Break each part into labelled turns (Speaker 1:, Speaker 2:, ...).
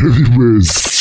Speaker 1: Heavyweights.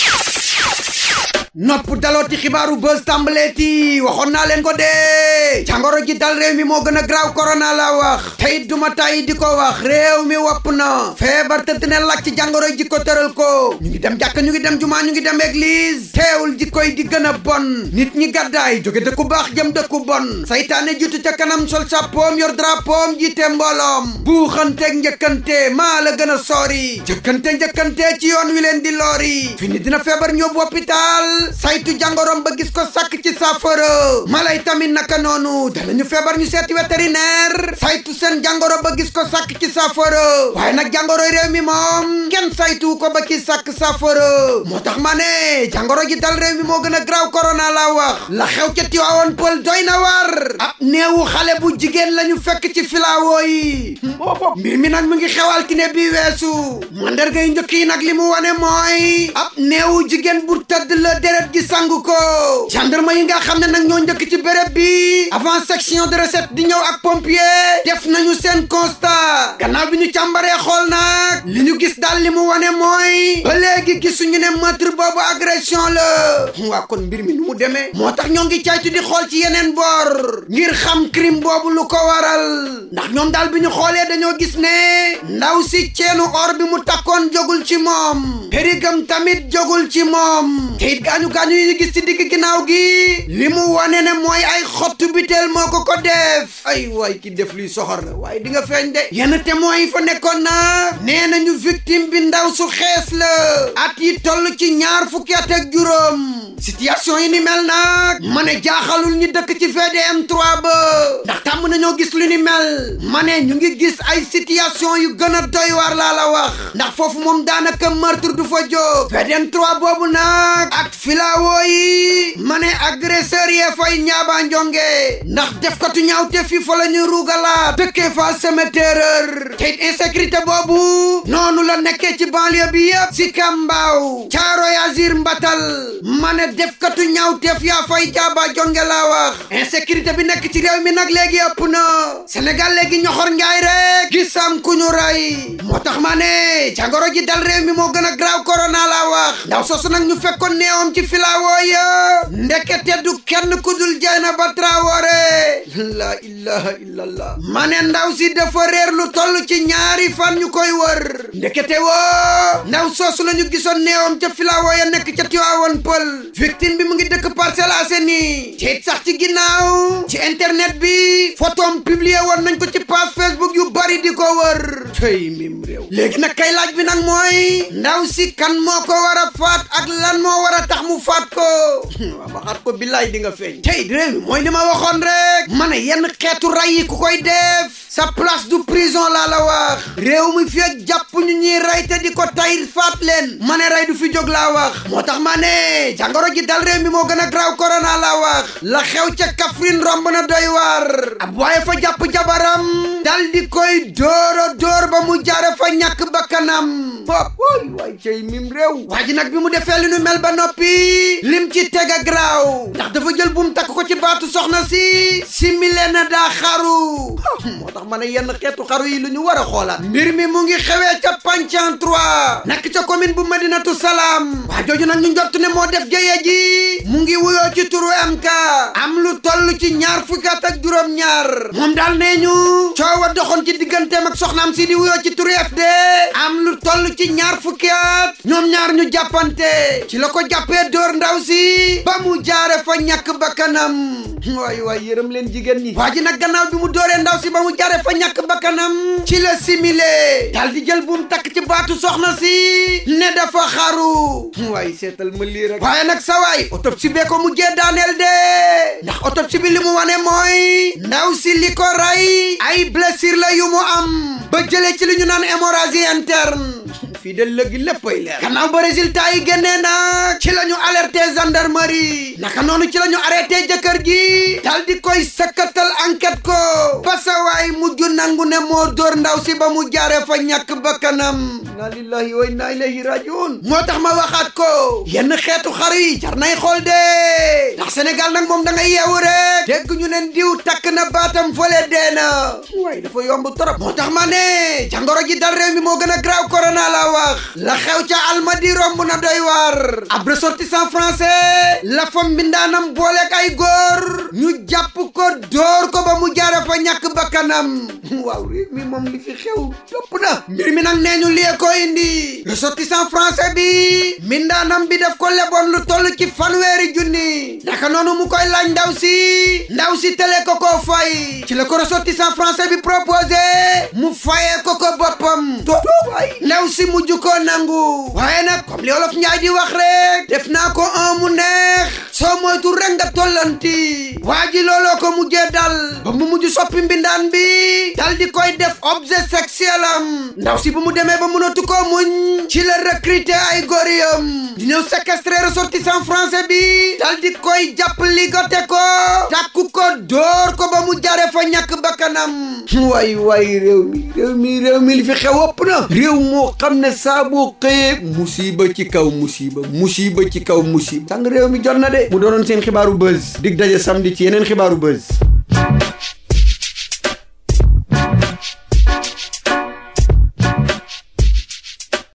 Speaker 1: nopp dalooti xibaaru buzz tàmbaleeti waxoon naa leen ko dee jàngoro ji dal réew mi moo gën a graaw korona la wax teyit duma tàyyi di ko wax réew mi wopp na feebar te dina laaj ci jàngoro ji ko tëral ko ñu ngi dem jàkk ñu ngi dem jumaa ñu ngi dem église teewul ji koy di gën a bon nit ñi gàddaay jóge dëkku baax jëm dëkku bon saytaane jiitu ca kanam sol sàppoom yor drapoom jiite mbooloom buuxanteeg njëkkante maa la gën a sori jëkkante njëkkante ci yoon wi leen di loori fini saytu jàngoroom ba gis ko sàkk ci saafara mala yi tamit naka noonu danañu feebar ñu seeti vétérinaire saytu sen jàngoro ba gis ko sàkk ci saafara waaye nag jàngoro réew mi moom kenn saytu ko ba ci sàkk saafara moo tax ma ne jàngoro ji dal réew mi moo gën a graw corona laa wax la xew ca Tiwaawoon pël doy na war ab néewu xale bu jigéen lañu fekk ci filaawo yi mbir mi nag mu ngi xew altine bi weesu mandarga yu njëkk yi nag li mu wane mooy ab néewu jigéen bu tëdd deret gi sang ko gendarme xam ne nag ñoo njëkk ci béréb bi avant section de recette di ñëw ak pompier def nañu seen constat gannaaw bi ñu càmbaree xool nag li ñu gis daal li mu wane mooy ba léegi gisuñu ne meurtre boobu agression la waa kon mbir mi nu mu demee moo tax ñoo ngi caytu di xool ci yeneen bor ngir xam crime boobu lu ko waral ndax ñoom daal bi ñu xoolee dañoo gis ne ndaw si ceenu or bi mu takkoon jogul ci moom périgam tamit jogul ci moom te gaañu-gaañu yi ci digg ginnaaw gi li mu wane na mooy ay xottu biteel moo ko ko def ay waay ki def luy soxor la waaye di nga feeñ de yenn témoins yi fa nekkoon na nee nañu victime bi ndaw su xees la at yi toll ci ñaar fukki at ak juróom situation yi ni mel nag ma ne jaaxalul ñi dëkk ci VDM 3 ba ndax tàmm nañoo gis lu ni mel ma ñu ngi gis ay situation yu gën a doy waar laa la wax ndax foofu moom daanaka meurtre du fa jóg VDM boobu nag ak filawoo yi ma ne yee fay ñaaba njonge ndax def katu ñaawte fii fa la ñu ruugalaat dëkkee fa semer terreur te insécurité boobu noonu la nekkee ci banlieue bi yëpp si kamba waaw caaro yaasir mbatal ma ne defkatu ñaawteef yaa fay jaaba jonge laa wax insécurité bi nekk ci réew mi nag léegi ëpp na Sénégal léegi ñoxor njaay rek gisam ñu rey moo tax ma ne jàngoro ji dal réew mi moo gën graaw corona laa ndaw soosu nag ñu fekkoon neewam ci filawoo ya ndekete du kenn ku dul Dieynaba Traoré la ilaha illallah ma ne ndaw si dafa réer lu toll ci ñaari fan ñu koy wër ndekete woo ndaw soosu lañu di sa néewam ca filaawo ya nekk ca Tiwaawan pël victime bi mu ngi dëkk Parcelles Assainies ci it sax ci ginnaaw ci internet bi photom publier woon nañ ko ci page Facebook yu bari di ko wër tey mim réew léegi nag kay laaj bi nag mooy ndaw si kan moo ko war a faat ak lan moo war a tax mu faat ko waaw waxaat ko billaay di nga feeñ tey réew mooy li ma waxoon rek ma ne yenn xeetu ray koy def sa place du prison laa la wax réew mi fi jàpp ñu ñuy rey te di ko tayir faat leen ma ne rey du fi jóg laa wax moo tax ma ne jàngoro ji dal réew mi moo gën a graw korona laa wax la xew ca Kaffrine romb na doy waar ab waaye fa jàpp jabaram dal di koy dóoro dóor ba mu jaare fa ñàkk bakkanam fop waay waay cey mim réew waa nag bi mu defee li nu mel ba noppi lim ci teg a graw ndax dafa jël buum takk ko ci baatu soxna si simile na daa xaru ma ne yenn xeetu xaru yi lu ñu war a xoolaat mbir mi mu ngi xewee ca Pancan 3 nekk ca commune bu Madinatu Salaam waa jooju nag ñu njott ne moo def jëye ji mu ngi wuyoo ci am ka am lu toll ci ñaar fukki at ak juróom-ñaar moom daal nee ñu coowa doxoon ci diggante ak soxnaam si di wuyoo ci turu FD am lu toll ci ñaar fukki at ñoom ñaar ñu jàppante ci la ko jàppee dóor ndaw si ba mu jaare fa ñakk bakkanam waay waay yërëm leen jigéen ñi waa ji nag gannaaw bi mu dooree ndaw si ba mu jare fa ñàkk bakkanam ci la simile daal di jël buum takk ci baatu soxna si ne dafa xaru waay seetal ma lii rek waaye nag sa waay autopsie bee ko mujjee daaneel de ndax autopsie bi li mu wane mooy ndaw si li ko rey ay blessure la yu mu am ba ci li ñu naan hémorragie interne fii de léegi léppay leer gannaaw ba résultat yi génnee nag ci la ñu alerté gendarmerie naka noonu ci la ñu arrêté jëkkër ji dal di koy sëkkatal enquête ko pasawaay mujj nangu ne moo dóor ndaw si ba mu jaaree fa ñàkk bakkanam inna lillahi wa inna ilayhi rajiun moo tax ma waxaat ko yenn xeetu xar yi jar nay xool de ndax Sénégal nag moom da ngay yeewu rek dégg ñu ne ndiw takk na baatam fële dee na dafa yomb trop moo tax ma ne jàngoro dal réew moo gën graaw corona wax la xew ca almadi romb na doy war ab ressortissant français la fa mbindaanam booleek ay góor ñu jàpp ko dóor ko ba mu jaare fa bakkanam waaw réew mi moom li fi xew topp na mbir mi nag nee ñu liyee ko indi ressortissant français bi mbindaanam bi daf ko leboon lu toll ci fanweeri junni naka noonu mu koy laaj ndaw si ndaw si télé ko ko fay ci la ko ressortissant français bi proposé mu fayee ko ko mujj koo nangu waaye nag comme li olof njaay di wax rek def naa ko un mu neex soo moytu rek nga tollanti waa ji looloo ko mujjee dal ba mu mujj soppi mbindaan bi dal di koy def objet sexuel am ndaw si bu mu demee ba mënatu koo muñ ci la recruter ay goriyam di ñëw séquestrer ressortissant français bi dal di koy jàpp ligote ko takku ko dóor ko ba mu jàll ñàkk bakkanam waay waay réew mi réew mi réew li fi xew ëpp na réew moo xam ne saa boo xëyee musiba ci kaw musiba musiba ci kaw musiba sang réew mi jot na de mu doonoon seen xibaaru buzz dig daje samedi ci yeneen xibaaru buzz